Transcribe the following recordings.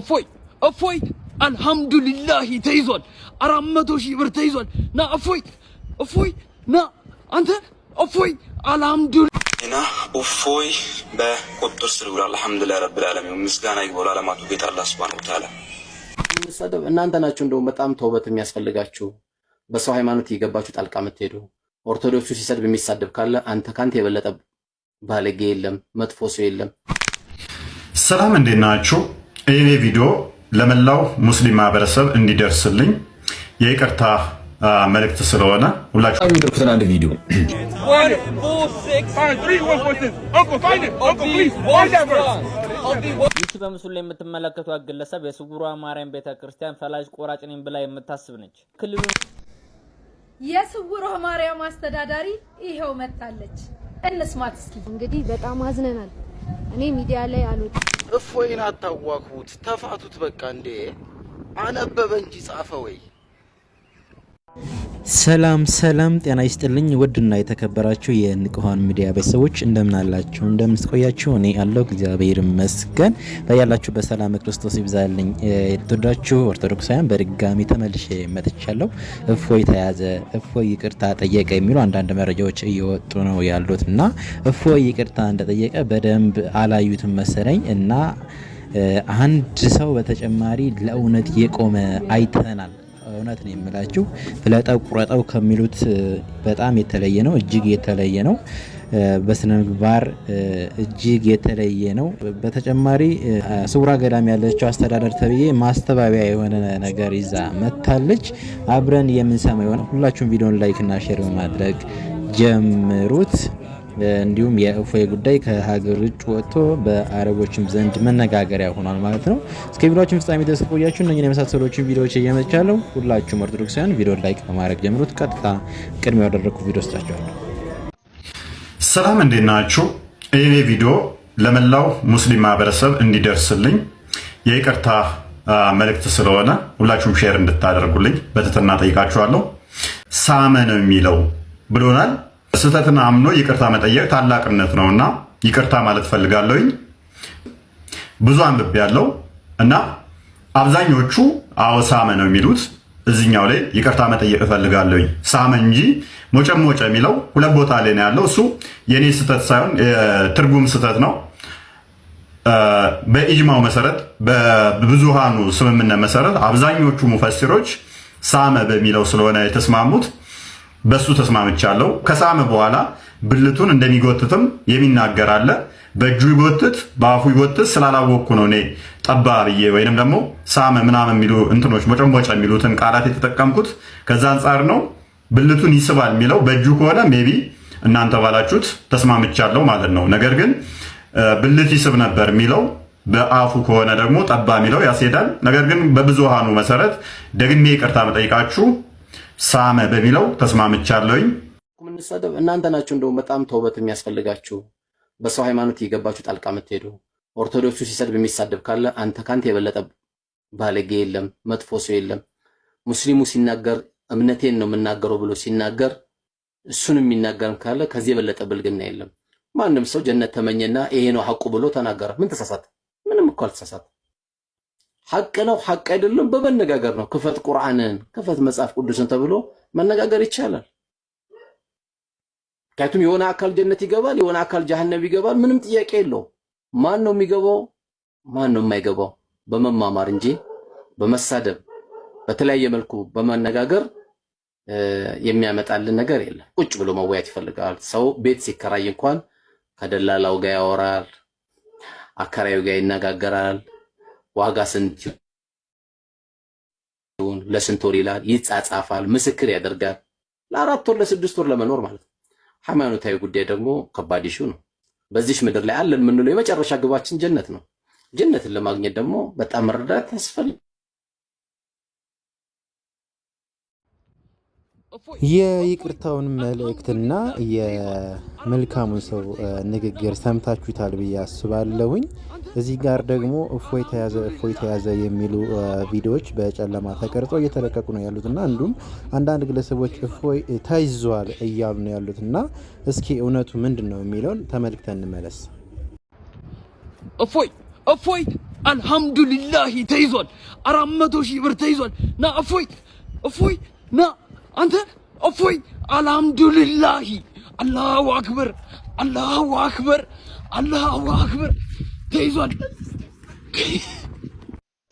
እፎይ እፎይ አልሐምዱሊላህ ተይዟል። አራት መቶ ሺህ ብር ተይዟል። ና እፎይ እፎይ ና አንተ እፎይ አልሐምዱሊላህ እና እፎይ በቁጥጥር ስር ይውላል። አልሐምዱሊላህ ረብል ዓለሚን ምስጋና ይግባው ለዓለማቱ ጌታ አላህ ሱብሓነሁ ወተዓላ። እናንተ ናችሁ። እንደውም በጣም ተውበት የሚያስፈልጋችሁ በሰው ሃይማኖት እየገባችሁ ጣልቃ የምትሄዱ ኦርቶዶክሱ ሲሰድብ የሚሳደብ ካለ አንተ ካንተ የበለጠ ባለጌ የለም፣ መጥፎ ሰው የለም። ሰላም እንዴት ናችሁ? ይህ ቪዲዮ ለመላው ሙስሊም ማህበረሰብ እንዲደርስልኝ የይቅርታ መልእክት ስለሆነ ሁላችሁ የሚደርሱትን አንድ ቪዲዮ ይቺ በምስሉ ላይ የምትመለከቷት ግለሰብ የስጉሯ ማርያም ቤተክርስቲያን ፈላጅ ቆራጭ ነኝ ብላ የምታስብ ነች። ክልሉ የስጉሯ ማርያም አስተዳዳሪ ይኸው መጣለች። እንስማት እስኪ። እንግዲህ በጣም አዝነናል። እኔ ሚዲያ ላይ አሉት። እፎይን አታዋክቡት፣ ተፋቱት። በቃ እንዴ አነበበ እንጂ ጻፈ ወይ? ሰላም ሰላም፣ ጤና ይስጥልኝ ውድና የተከበራችሁ የንቁሃን ሚዲያ ቤተሰቦች እንደምን አላችሁ? እንደምን ስቆያችሁ? እኔ አለሁ እግዚአብሔር ይመስገን። በያላችሁ በሰላም ክርስቶስ ይብዛልኝ። የተወዳችሁ ኦርቶዶክሳውያን በድጋሚ ተመልሼ መጥቻለሁ። እፎይ ተያዘ፣ እፎይ ይቅርታ ጠየቀ የሚሉ አንዳንድ መረጃዎች እየወጡ ነው ያሉት እና እፎይ ይቅርታ እንደጠየቀ በደንብ አላዩትም መሰለኝ እና አንድ ሰው በተጨማሪ ለእውነት የቆመ አይተናል እውነት ነው የምላችሁ ፍለጠው ቁረጠው ከሚሉት በጣም የተለየ ነው። እጅግ የተለየ ነው። በስነ ምግባር እጅግ የተለየ ነው። በተጨማሪ ስውራ ገዳም ያለችው አስተዳደር ተብዬ ማስተባበያ የሆነ ነገር ይዛ መታለች። አብረን የምንሰማ የሆነ ሁላችሁም ቪዲዮን ላይክና ሼር በማድረግ ጀምሩት። እንዲሁም የእፎይ ጉዳይ ከሀገር ውጭ ወጥቶ በአረቦችም ዘንድ መነጋገሪያ ሆኗል ማለት ነው። እስከ ቪዲዮችን ፍጻሜ ድረስ ቆያችሁ እነኝን የመሳሰሎችን ቪዲዮዎች እየመቻለው ሁላችሁም ኦርቶዶክሳውያን ቪዲዮ ላይክ በማድረግ ጀምሩት። ቀጥታ ቅድሚያ ያደረግኩ ቪዲዮ ስጣችኋለሁ። ሰላም እንዴት ናችሁ? ይህ ቪዲዮ ለመላው ሙስሊም ማህበረሰብ እንዲደርስልኝ የይቅርታ መልእክት ስለሆነ ሁላችሁም ሼር እንድታደርጉልኝ በትህትና ጠይቃችኋለሁ። ሳመ ነው የሚለው ብሎናል። ስህተትን አምኖ ይቅርታ መጠየቅ ታላቅነት ነውና ይቅርታ ማለት ፈልጋለሁኝ። ብዙ አንብቤ ያለው እና አብዛኞቹ አዎ ሳመ ነው የሚሉት። እዚኛው ላይ ይቅርታ መጠየቅ እፈልጋለሁኝ ሳመ እንጂ ሞጨሞጨ የሚለው ሁለት ቦታ ላይ ነው ያለው። እሱ የእኔ ስህተት ሳይሆን የትርጉም ስህተት ነው። በኢጅማው መሰረት በብዙሃኑ ስምምነት መሰረት አብዛኞቹ ሙፈሲሮች ሳመ በሚለው ስለሆነ የተስማሙት በሱ ተስማምቻለሁ። ከሳመ በኋላ ብልቱን እንደሚጎትትም የሚናገር አለ። በእጁ ይጎትት በአፉ ይጎትት ስላላወቅኩ ነው እኔ ጠባ ብዬ ወይንም ደግሞ ሳመ ምናምን የሚሉ እንትኖች መጨንቧጫ የሚሉትን ቃላት የተጠቀምኩት ከዛ አንጻር ነው። ብልቱን ይስባል የሚለው በእጁ ከሆነ ሜቢ እናንተ ባላችሁት ተስማምቻለሁ ማለት ነው። ነገር ግን ብልት ይስብ ነበር የሚለው በአፉ ከሆነ ደግሞ ጠባ የሚለው ያስሄዳል። ነገር ግን በብዙሃኑ መሰረት ደግሜ ይቅርታ መጠይቃችሁ ሳመ በሚለው ተስማምቻለሁኝ። የምንሳደብ እናንተ ናችሁ። እንደውም በጣም ተውበት የሚያስፈልጋችሁ በሰው ሃይማኖት እየገባችሁ ጣልቃ የምትሄዱ ኦርቶዶክሱ ሲሰድብ የሚሳደብ ካለ አንተ ካንተ የበለጠ ባለጌ የለም፣ መጥፎ ሰው የለም። ሙስሊሙ ሲናገር እምነቴን ነው የምናገረው ብሎ ሲናገር እሱን የሚናገርም ካለ ከዚህ የበለጠ ብልግና የለም። ማንም ሰው ጀነት ተመኘና ይሄ ነው ሐቁ ብሎ ተናገረ። ምን ተሳሳተ? ምንም እኮ አልተሳሳተ። ሐቅ ነው ሐቅ አይደለም በመነጋገር ነው። ክፈት ቁርአንን ክፈት መጽሐፍ ቅዱስን ተብሎ መነጋገር ይቻላል። ምክንያቱም የሆነ አካል ጀነት ይገባል፣ የሆነ አካል ጀሃነም ይገባል። ምንም ጥያቄ የለው። ማን ነው የሚገባው? ማን ነው የማይገባው? በመማማር እንጂ በመሳደብ በተለያየ መልኩ በመነጋገር የሚያመጣልን ነገር የለም። ቁጭ ብሎ መወያት ይፈልጋል። ሰው ቤት ሲከራይ እንኳን ከደላላው ጋር ያወራል፣ አከራዩ ጋር ይነጋገራል። ዋጋ ስንት ይሁን ለስንት ወር ይላል፣ ይጻጻፋል፣ ምስክር ያደርጋል። ለአራት ወር ለስድስት ወር ለመኖር ማለት ነው። ሃይማኖታዊ ጉዳይ ደግሞ ከባድ ይሹ ነው። በዚህ ምድር ላይ አለን የምንለው የመጨረሻ ግባችን ጀነት ነው። ጀነትን ለማግኘት ደግሞ በጣም መረዳት ያስፈልጋል። የይቅርታውን መልእክትና የመልካሙን ሰው ንግግር ሰምታችሁታል ብዬ አስባለሁኝ። እዚህ ጋር ደግሞ እፎይ ተያዘ እፎይ ተያዘ የሚሉ ቪዲዮዎች በጨለማ ተቀርጸው እየተለቀቁ ነው ያሉት እና እንዲሁም አንዳንድ ግለሰቦች እፎይ ተይዟል እያሉ ነው ያሉት እና እስኪ እውነቱ ምንድን ነው የሚለውን ተመልክተን እንመለስ። እፎይ እፎይ አልሐምዱሊላህ ተይዟል፣ አራት መቶ ሺህ ብር ተይዟል። ና እፎይ እፎይ ና አንተ እፎይ፣ አልሐምዱሊላሂ፣ አላሁ አክበር፣ አላሁ አክበር፣ አላሁ አክበር። ተይዟል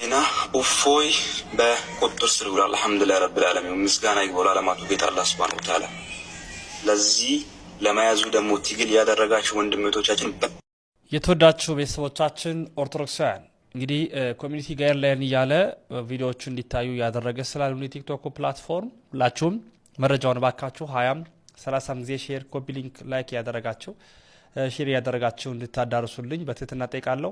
እና እፎይ በቁጥር ስር ይውላል። አልሐምዱሊላሂ ረብል ዓለሚን ምስጋና ይግባው ለዓለማቱ ጌታ አላህ ሱብሓነሁ ወተዓላ። ለዚህ ለመያዙ ደግሞ ትግል ያደረጋችሁ ወንድሞቻችን፣ የተወዳችሁ ቤተሰቦቻችን ኦርቶዶክሳውያን እንግዲህ ኮሚኒቲ ጋይድላይን እያለ ቪዲዮዎቹ እንዲታዩ እያደረገ ስላሉ የቲክቶክ ፕላትፎርም ሁላችሁም መረጃውን ባካችሁ ሀያም ሰላሳም ጊዜ ሼር ኮፒ ሊንክ ላይክ እያደረጋችሁ ሼር እያደረጋችሁ እንድታዳርሱልኝ በትህትና ጠይቃለሁ።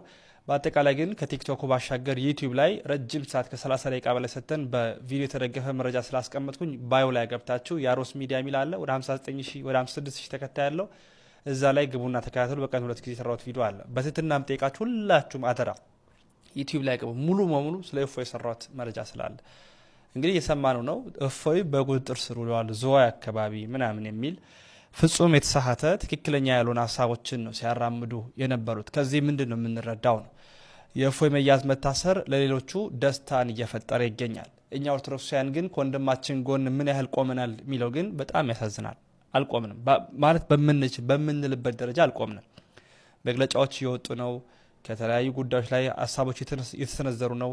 በአጠቃላይ ግን ከቲክቶኩ ባሻገር ዩቲዩብ ላይ ረጅም ሰዓት ከ30 ደቂቃ በላይ ሰተን በቪዲዮ የተደገፈ መረጃ ስላስቀመጥኩኝ ባዮ ላይ ገብታችሁ የአሮስ ሚዲያ የሚል አለ። ወደ 59 ወደ 56 ተከታይ ያለው እዛ ላይ ግቡና ተከታተሉ። በቀን ሁለት ጊዜ የሰራሁት ቪዲዮ አለ። በትህትና የምጠይቃችሁ ሁላችሁም አደራ ዩቲዩብ ላይ ቅቡ ሙሉ በሙሉ ስለ እፎይ የሰራት መረጃ ስላለ እንግዲህ የሰማነው ነው። እፎይ በቁጥጥር ስር ውለዋል ዝዋይ አካባቢ ምናምን የሚል ፍጹም የተሳሳተ ትክክለኛ ያልሆነ ሀሳቦችን ነው ሲያራምዱ የነበሩት። ከዚህ ምንድን ነው የምንረዳው ነው የእፎይ መያዝ መታሰር ለሌሎቹ ደስታን እየፈጠረ ይገኛል። እኛ ኦርቶዶክሳውያን ግን ከወንድማችን ጎን ምን ያህል ቆመናል የሚለው ግን በጣም ያሳዝናል። አልቆምንም ማለት በምንችል በምንልበት ደረጃ አልቆምንም። መግለጫዎች እየወጡ ነው። ከተለያዩ ጉዳዮች ላይ ሀሳቦች የተሰነዘሩ ነው።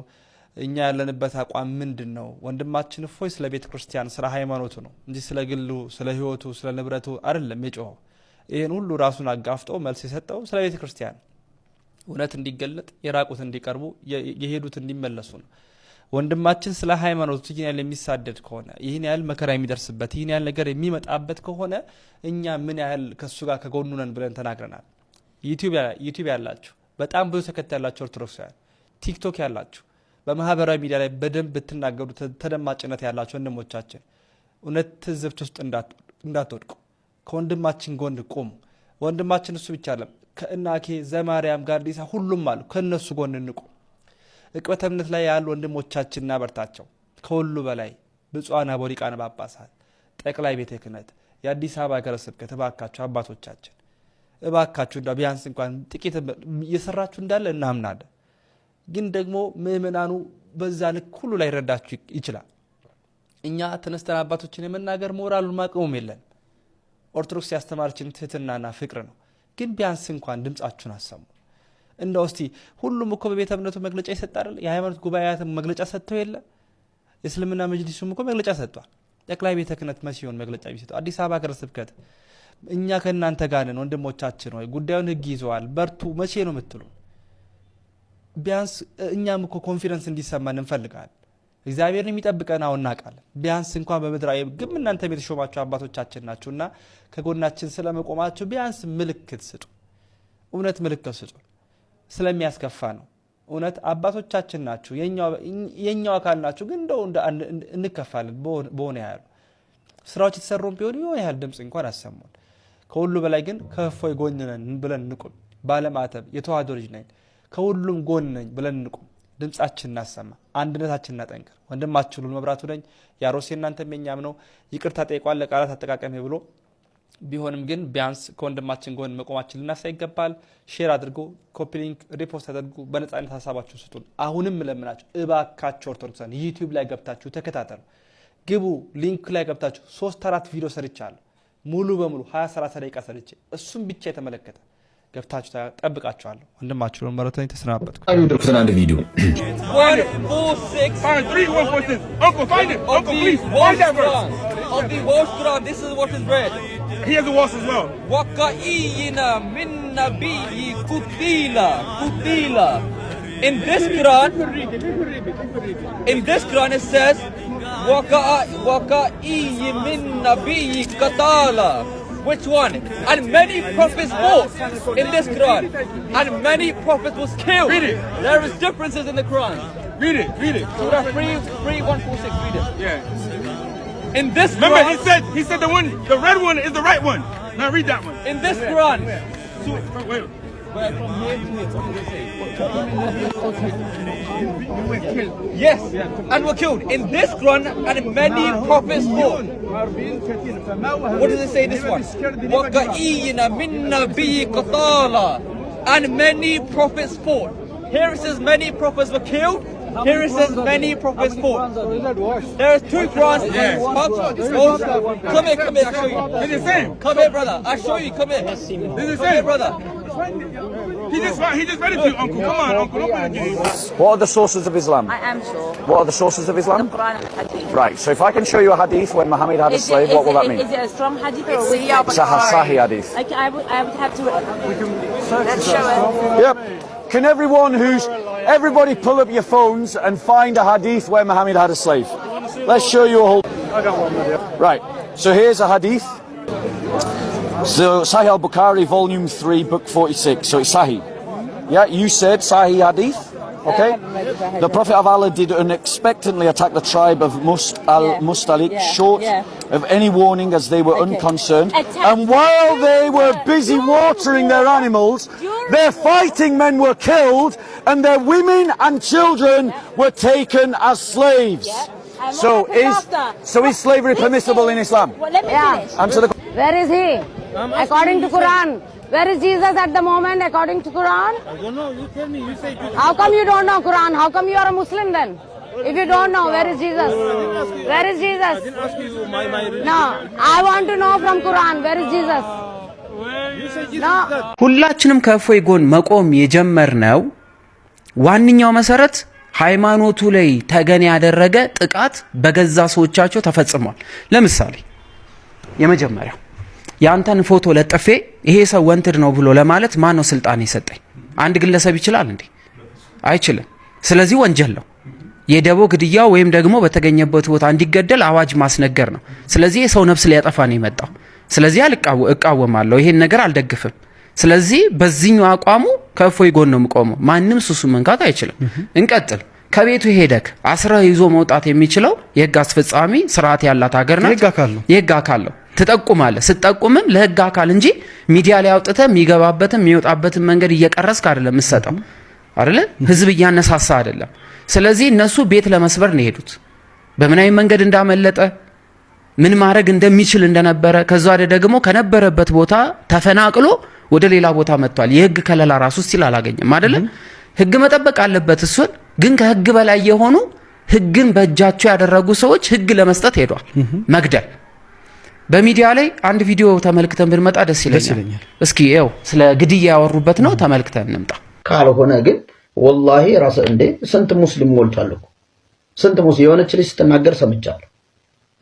እኛ ያለንበት አቋም ምንድን ነው? ወንድማችን እፎይ ስለ ቤተ ክርስቲያን ስለ ሃይማኖቱ ነው እንጂ ስለ ግሉ፣ ስለ ህይወቱ፣ ስለ ንብረቱ አይደለም የጮኸው። ይህን ሁሉ ራሱን አጋፍጦ መልስ የሰጠው ስለ ቤተ ክርስቲያን እውነት እንዲገለጥ፣ የራቁት እንዲቀርቡ፣ የሄዱት እንዲመለሱ ነው። ወንድማችን ስለ ሃይማኖቱ ይህን ያህል የሚሳደድ ከሆነ ይህን ያህል መከራ የሚደርስበት ይህን ያህል ነገር የሚመጣበት ከሆነ እኛ ምን ያህል ከእሱ ጋር ከጎኑ ነን ብለን ተናግረናል። ዩቲዩብ ያላችሁ በጣም ብዙ ተከታይ ያላቸው ኦርቶዶክሳውያን ቲክቶክ ያላችሁ በማህበራዊ ሚዲያ ላይ በደንብ ብትናገሩ ተደማጭነት ያላቸው ወንድሞቻችን እውነት ትዝብት ውስጥ እንዳትወድቁ ከወንድማችን ጎን ቁሙ። ወንድማችን እሱ ብቻ አለም ከእናኬ ዘማርያም ጋር ዲሳ ሁሉም አሉ። ከእነሱ ጎን እንቁ። እቅበተ እምነት ላይ ያሉ ወንድሞቻችን እናበርታቸው። ከሁሉ በላይ ብፁዓን አበው ሊቃነ ጳጳሳት፣ ጠቅላይ ቤተ ክህነት፣ የአዲስ አበባ ሀገረ ስብከት አባቶቻችን እባካችሁ ቢያንስ እንኳን ጥቂት እየሰራችሁ እንዳለ እናምናለን። ግን ደግሞ ምእመናኑ በዛ ልክ ሁሉ ላይ ረዳችሁ ይችላል። እኛ ተነስተን አባቶችን የመናገር ሞራሉን ማቅሙም የለን። ኦርቶዶክስ ያስተማረችን ትህትናና ፍቅር ነው። ግን ቢያንስ እንኳን ድምፃችሁን አሰሙ። እንደ ውስቲ ሁሉም እኮ በቤተ እምነቱ መግለጫ ይሰጣል። የሃይማኖት ጉባኤያት መግለጫ ሰጥተው የለ የእስልምና መጅሊሱም እኮ መግለጫ ሰጥቷል። ጠቅላይ ቤተ ክህነት መሲሆን መግለጫ ቢሰጠው አዲስ አበባ ሀገረ ስብከት እኛ ከእናንተ ጋር ነን ወንድሞቻችን ወይ ጉዳዩን ህግ ይዘዋል፣ በርቱ መቼ ነው የምትሉ? ቢያንስ እኛም እኮ ኮንፊደንስ እንዲሰማን እንፈልጋለን። እግዚአብሔርን የሚጠብቀን አሁን እናውቃለን። ቢያንስ እንኳን በምድራዊ ግም እናንተ የተሾማችሁ አባቶቻችን ናችሁ እና ከጎናችን ስለመቆማችሁ ቢያንስ ምልክት ስጡ። እውነት ምልክት ስጡ። ስለሚያስከፋ ነው። እውነት አባቶቻችን ናችሁ፣ የኛው አካል ናችሁ። ግን እንደው እንከፋለን በሆነ ያህሉ ስራዎች የተሰሩም ቢሆን የሆነ ያህል ድምፅ እንኳን አሰሙን። ከሁሉ በላይ ግን ከእፎይ ጎን ነን ብለን እንቁም። ባለማተብ የተዋህዶ ልጅ ነኝ ከሁሉም ጎን ነኝ ብለን እንቁም። ድምጻችን እናሰማ፣ አንድነታችን እናጠንክር። ወንድማችሁ ሁሉ መብራቱ ነኝ። ያሮሴ እናንተ የኛም ነው። ይቅርታ ጠይቋል ለቃላት አጠቃቀሜ ብሎ ቢሆንም ግን ቢያንስ ከወንድማችን ጎን መቆማችን ልናሳ ይገባል። ሼር አድርጎ ኮፒሊንክ ሪፖርት አድርጉ። በነፃነት ሀሳባችሁን ስጡን። አሁንም ለምናችሁ እባካችሁ ኦርቶዶክሳን ዩቲዩብ ላይ ገብታችሁ ተከታተሉ። ግቡ ሊንክ ላይ ገብታችሁ ሶስት አራት ቪዲዮ ሰርቻለሁ። ሙሉ በሙሉ 20 ደቂቃ ሰርቼ እሱም ብቻ የተመለከተ ገብታችሁ ጠብቃችኋለሁ። ወንድማችሁ ነው ተሰናበትኩ። አንድ ቪዲዮ In this Quran, in this Quran it says min nabiyyi qatala. Which one? And many prophets fought in this Quran. And many prophets was killed. Read it. There is differences in the Quran. Read it, read it. Surah 3, 3 1, 4, 6, read it. Yeah. In this Remember he said he said the one the red one is the right one. Now read that one. In this Quran. Wait, wait. Yes, and were killed in this Quran and many prophets more. Uh, what does it say this one? وَقَئِيِّنَ مِنْ نَبِيِّ قَطَالًا And many prophets fought. Here it says many prophets were killed. Here it says many prophets fought. There are is two Qurans. Yes. Come here, come here, I show you. It's the same. Come here, brother. I show you. Come here. It's the same. brother. He just, he just read it to you, Uncle. Come on, Uncle, open it to What are the sources of Islam? I am sure. What are the sources of Islam? The Quran Hadith. Right, so if I can show you a hadith when Muhammad had a slave, what will that mean? Is it a strong hadith or a weak It's a Sahih hadith. Like, I, would, I would have to... Let's show it. Yep. Can everyone who's... Everybody pull up your phones and find a hadith where Muhammad had a slave. Let's show you a whole... I got one, Right, so here's a hadith. So Sahih al Bukhari, Volume 3, Book 46. So it's Sahih. Yeah, you said Sahih Hadith. Okay? The Prophet of Allah did unexpectedly attack the tribe of Must al yeah. Mustalik yeah. short yeah. of any warning as they were okay. unconcerned. Attack and while they were busy watering their animals, their fighting men were killed and their women and children were taken as slaves. So is, so is slavery permissible in Islam? Well, Answer the Where is he? According to Quran. Where is Jesus at the moment according to Quran? I don't know. You tell me. You say Quran. How come you don't know Quran? How come you are a Muslim then? If you don't know, where is Jesus? Where is Jesus? No, I want to know from Quran, where is Jesus? ሁላችንም ከእፎይ ጎን መቆም የጀመርነው ዋነኛው መሰረት ሃይማኖቱ ላይ ተገን ያደረገ ጥቃት በገዛ ሰዎቻቸው ተፈጽሟል። ለምሳሌ የመጀመሪያው የአንተን ፎቶ ለጥፌ ይሄ ሰው ወንትድ ነው ብሎ ለማለት ማን ነው ስልጣን የሰጠኝ? አንድ ግለሰብ ይችላል እንዴ? አይችልም። ስለዚህ ወንጀል ነው። የደቦ ግድያ ወይም ደግሞ በተገኘበት ቦታ እንዲገደል አዋጅ ማስነገር ነው። ስለዚህ የሰው ነፍስ ሊያጠፋ ነው የመጣው። ስለዚህ እቃወማለሁ፣ ይሄን ነገር አልደግፍም። ስለዚህ በዚህኛው አቋሙ ከእፎይ ጎን ነው የምቆመው። ማንም ሱሱ መንካት አይችልም። እንቀጥል። ከቤቱ ሄደክ አስረህ ይዞ መውጣት የሚችለው የህግ አስፈጻሚ ስርዓት ያላት ሀገር ናት። የህግ አካል ነው። ትጠቁማለህ። ስትጠቁምም ለህግ አካል እንጂ ሚዲያ ላይ አውጥተ የሚገባበትን የሚወጣበትን መንገድ እየቀረስክ አይደለም የምትሰጠው አይደለ? ህዝብ እያነሳሳ አይደለም። ስለዚህ እነሱ ቤት ለመስበር ነው የሄዱት። አይነት መንገድ እንዳመለጠ ምን ማድረግ እንደሚችል እንደነበረ፣ ከዛ ወደ ደግሞ ከነበረበት ቦታ ተፈናቅሎ ወደ ሌላ ቦታ መጥቷል። የህግ ከለላ ራሱ ሲል አላገኘም አይደለ? ህግ መጠበቅ አለበት። እሱን ግን ከህግ በላይ የሆኑ ህግን በእጃቸው ያደረጉ ሰዎች ህግ ለመስጠት ሄዷል። መግደል በሚዲያ ላይ አንድ ቪዲዮ ተመልክተን ብንመጣ ደስ ይለኛል። እስኪ ያው ስለ ግድያ ያወሩበት ነው ተመልክተን እንምጣ። ካልሆነ ግን ወላሂ ራስ እንዴ ስንት ሙስሊም ሞልቷል እኮ ስንት ሙስሊም የሆነች ልጅ ስትናገር ሰምቻለሁ።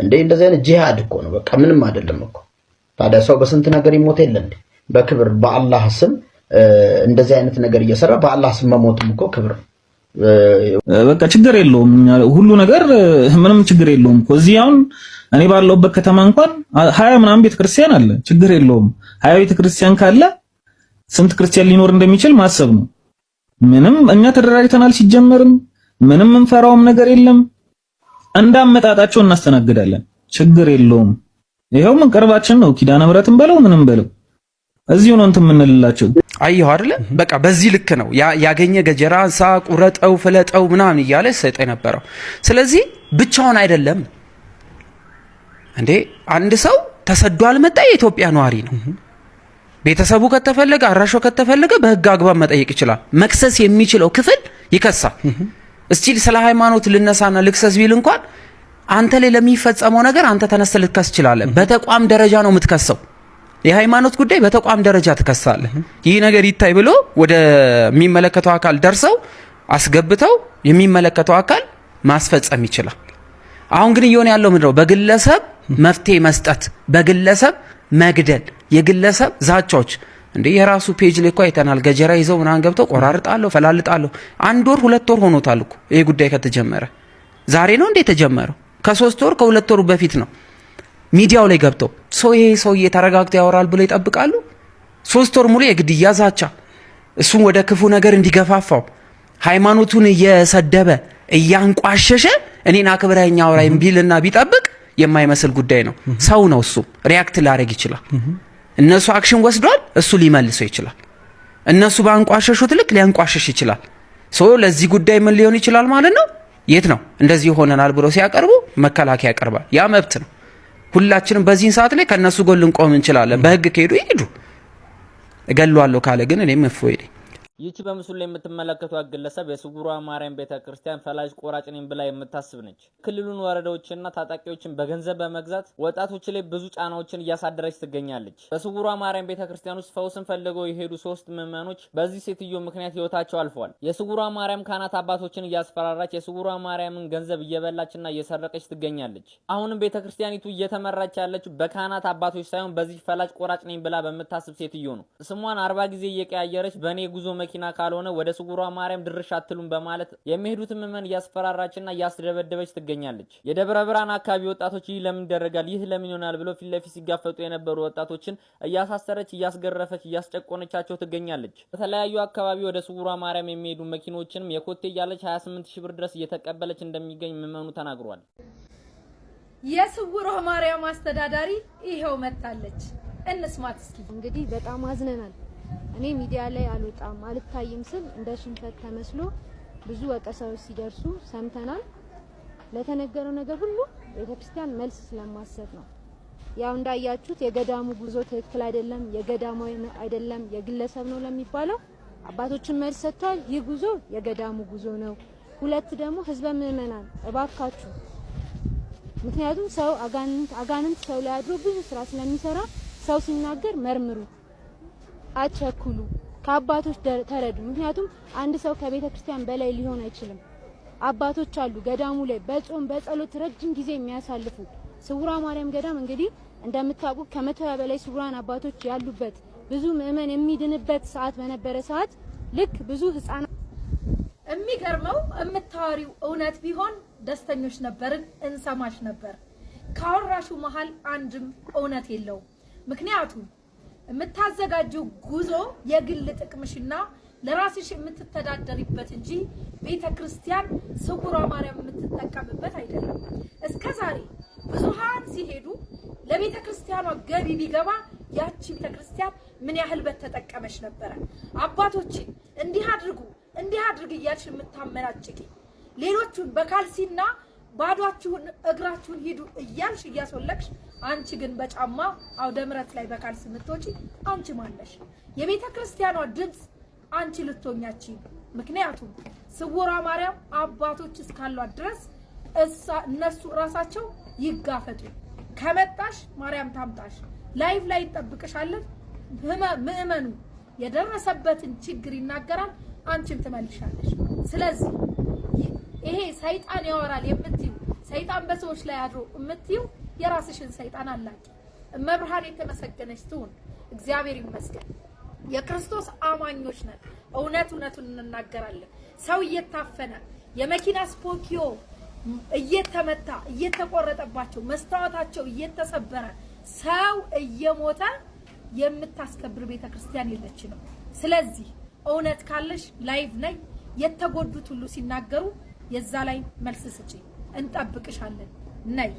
እንዴ እንደዚህ አይነት ጂሃድ እኮ ነው በቃ ምንም አይደለም እኮ። ታዲያ ሰው በስንት ነገር ይሞት የለ እንዴ? በክብር በአላህ ስም እንደዚህ አይነት ነገር እየሰራ በአላህ ስም መሞትም እኮ ክብር ነው። በቃ ችግር የለውም ሁሉ ነገር ምንም ችግር የለውም እኮ እዚህ አሁን እኔ ባለውበት ከተማ እንኳን ሀያ ምናምን ቤተክርስቲያን አለ። ችግር የለውም። ሀያ ቤተክርስቲያን ካለ ስንት ክርስቲያን ሊኖር እንደሚችል ማሰብ ነው። ምንም እኛ ተደራጅተናል ሲጀመርም ምንም እንፈራውም ነገር የለም። እንዳመጣጣቸው እናስተናግዳለን። ችግር የለውም። ይኸው ምን ቅርባችን ነው። ኪዳነ ምሕረትን በለው ምንም በለው እዚሁ ነው እንትን የምንልላቸው። አየሁ አይደለ? በቃ በዚህ ልክ ነው ያገኘ ገጀራ አንሳ፣ ቁረጠው፣ ፍለጠው ምናምን እያለ ሰጠ የነበረው። ስለዚህ ብቻውን አይደለም እንዴ አንድ ሰው ተሰዶ አልመጣ የኢትዮጵያ ነዋሪ ነው። ቤተሰቡ ከተፈለገ አራሾ ከተፈለገ በህግ አግባብ መጠየቅ ይችላል። መክሰስ የሚችለው ክፍል ይከሳል። እስቲል ስለ ሃይማኖት ልነሳና ልክሰስ ቢል እንኳን አንተ ላይ ለሚፈጸመው ነገር አንተ ተነስተ ልትከስ ትችላለህ። በተቋም ደረጃ ነው የምትከሰው። የሃይማኖት ጉዳይ በተቋም ደረጃ ትከሳለህ። ይህ ነገር ይታይ ብሎ ወደሚመለከተው አካል ደርሰው አስገብተው የሚመለከተው አካል ማስፈጸም ይችላል። አሁን ግን እየሆነ ያለው ምንድነው? በግለሰብ መፍትሄ መስጠት፣ በግለሰብ መግደል፣ የግለሰብ ዛቻዎች እንዴ የራሱ ፔጅ ላይ እኮ አይተናል። ገጀራ ይዘው ምናምን ገብተው ቆራርጣለሁ፣ ፈላልጣለሁ። አንድ ወር ሁለት ወር ሆኖታል እኮ ይሄ ጉዳይ ከተጀመረ። ዛሬ ነው እንዴ የተጀመረው? ከሶስት ወር ከሁለት ወሩ በፊት ነው ሚዲያው ላይ ገብተው ሰው ይሄ ሰውዬ ተረጋግቶ ያወራል ብሎ ይጠብቃሉ። ሶስት ወር ሙሉ የግድያ ዛቻ፣ እሱን ወደ ክፉ ነገር እንዲገፋፋው ሃይማኖቱን እየሰደበ እያንቋሸሸ እኔን አክብረኛ አውራኝ ቢልና ቢጠብቅ የማይመስል ጉዳይ ነው። ሰው ነው እሱ ሪያክት ላደረግ ይችላል። እነሱ አክሽን ወስዷል፣ እሱ ሊመልሰው ይችላል። እነሱ ባንቋሸሹት ልክ ሊያንቋሸሽ ይችላል። ሰው ለዚህ ጉዳይ ምን ሊሆን ይችላል ማለት ነው። የት ነው እንደዚህ ሆነናል ብሎ ሲያቀርቡ መከላከያ ያቀርባል። ያ መብት ነው። ሁላችንም በዚህን ሰዓት ላይ ከእነሱ ጎን ልንቆም እንችላለን። በህግ ከሄዱ ይሄዱ። እገሏለሁ ካለ ግን እኔም እፎይ ነኝ። ይቺ በምስሉ ላይ የምትመለከቷት ግለሰብ የስጉሯ ማርያም ቤተ ክርስቲያን ፈላጅ ቆራጭ ነኝ ብላ የምታስብ ነች። ክልሉን ወረዳዎችና ታጣቂዎችን በገንዘብ በመግዛት ወጣቶች ላይ ብዙ ጫናዎችን እያሳደረች ትገኛለች። በስጉሯ ማርያም ቤተ ክርስቲያን ውስጥ ፈውስን ፈልገው የሄዱ ሶስት ምዕመኖች በዚህ ሴትዮ ምክንያት ህይወታቸው አልፏል። የስጉሯ ማርያም ካህናት አባቶችን እያስፈራራች የስጉሯ ማርያምን ገንዘብ እየበላችና እየሰረቀች ትገኛለች። አሁንም ቤተ ክርስቲያኒቱ እየተመራች ያለችው በካህናት አባቶች ሳይሆን በዚህ ፈላጅ ቆራጭ ነኝ ብላ በምታስብ ሴትዮ ነው። ስሟን አርባ ጊዜ እየቀያየረች በእኔ ጉዞ መኪና ካልሆነ ወደ ስጉሯ ማርያም ድርሽ አትሉም በማለት የሚሄዱት ምዕመን እያስፈራራችና እያስደበደበች ትገኛለች። የደብረ ብርሃን አካባቢ ወጣቶች ይህ ለምን ይደረጋል፣ ይህ ለምን ይሆናል ብለው ፊት ለፊት ሲጋፈጡ የነበሩ ወጣቶችን እያሳሰረች፣ እያስገረፈች፣ እያስጨቆነቻቸው ትገኛለች። በተለያዩ አካባቢ ወደ ስጉሯ ማርያም የሚሄዱ መኪኖችንም የኮቴ እያለች 28 ሺ ብር ድረስ እየተቀበለች እንደሚገኝ ምዕመኑ ተናግሯል። የስውሯ ማርያም አስተዳዳሪ ይሄው መጣለች። እንስማት እስኪ። እንግዲህ በጣም አዝነናል። እኔ ሚዲያ ላይ አልወጣም አልታይም ስል እንደ ሽንፈት ተመስሎ ብዙ ወቀሳዎች ሲደርሱ ሰምተናል። ለተነገረው ነገር ሁሉ ቤተክርስቲያን መልስ ስለማሰጥ ነው። ያው እንዳያችሁት የገዳሙ ጉዞ ትክክል አይደለም፣ የገዳማዊ አይደለም፣ የግለሰብ ነው ለሚባለው አባቶችን መልስ ሰጥቷል። ይህ ጉዞ የገዳሙ ጉዞ ነው። ሁለት ደግሞ ህዝበ ምእመናን እባካችሁ፣ ምክንያቱም ሰው አጋንንት አጋንንት ሰው ላይ አድሮ ብዙ ስራ ስለሚሰራ ሰው ሲናገር መርምሩ። አትቸኩሉ፣ ከአባቶች ተረዱ። ምክንያቱም አንድ ሰው ከቤተ ክርስቲያን በላይ ሊሆን አይችልም። አባቶች አሉ ገዳሙ ላይ በጾም በጸሎት ረጅም ጊዜ የሚያሳልፉ። ስውሯ ማርያም ገዳም እንግዲህ እንደምታውቁ ከመቶ በላይ ስውራን አባቶች ያሉበት ብዙ ምእመን የሚድንበት ሰዓት በነበረ ሰዓት ልክ ብዙ ህፃናት የሚገርመው የምታወሪው እውነት ቢሆን ደስተኞች ነበርን፣ እንሰማሽ ነበር። ካወራሹ መሀል አንድም እውነት የለውም። ምክንያቱም የምታዘጋጀው ጉዞ የግል ጥቅምሽና ለራስሽ የምትተዳደሪበት እንጂ ቤተ ክርስቲያን ስውሯ ማርያም የምትጠቀምበት አይደለም። እስከ ዛሬ ብዙሃን ሲሄዱ ለቤተ ክርስቲያኗ ገቢ ቢገባ ያቺ ቤተ ክርስቲያን ምን ያህል በተጠቀመች ነበረ። አባቶችን እንዲህ አድርጉ እንዲህ አድርግ እያልሽ የምታመናጭቂ ሌሎቹን በካልሲና ባዷችሁን እግራችሁን ሂዱ እያልሽ እያስወለቅሽ አንቺ ግን በጫማ አውደ ምረት ላይ በካልስ ምትወጪ አንቺ ማለሽ የቤተ ክርስቲያኗ ድምፅ አንቺ ልትሆኛች። ምክንያቱም ስውሯ ማርያም አባቶች እስካሏት ድረስ እነሱ እራሳቸው ይጋፈጡ። ከመጣሽ ማርያም ታምጣሽ፣ ላይፍ ላይ እንጠብቅሻለን። ምእመኑ የደረሰበትን ችግር ይናገራል፣ አንቺም ትመልሻለሽ። ስለዚህ ይሄ ሰይጣን ያወራል የምትዩ ሰይጣን በሰዎች ላይ አድሮ የምትዩ የራስሽን ሰይጣን አላቂ መብርሃን የተመሰገነች ትሁን። እግዚአብሔር ይመስገን። የክርስቶስ አማኞች ነን። እውነት እውነቱን እንናገራለን። ሰው እየታፈነ የመኪና ስፖኪዮ እየተመታ እየተቆረጠባቸው መስታወታቸው እየተሰበረ ሰው እየሞተ የምታስከብር ቤተ ክርስቲያን ነው። ስለዚህ እውነት ካለሽ ላይቭ ላይ የተጎዱት ሁሉ ሲናገሩ የዛ ላይ መልስ ስጪ። እንጠብቅሻለን። ነይ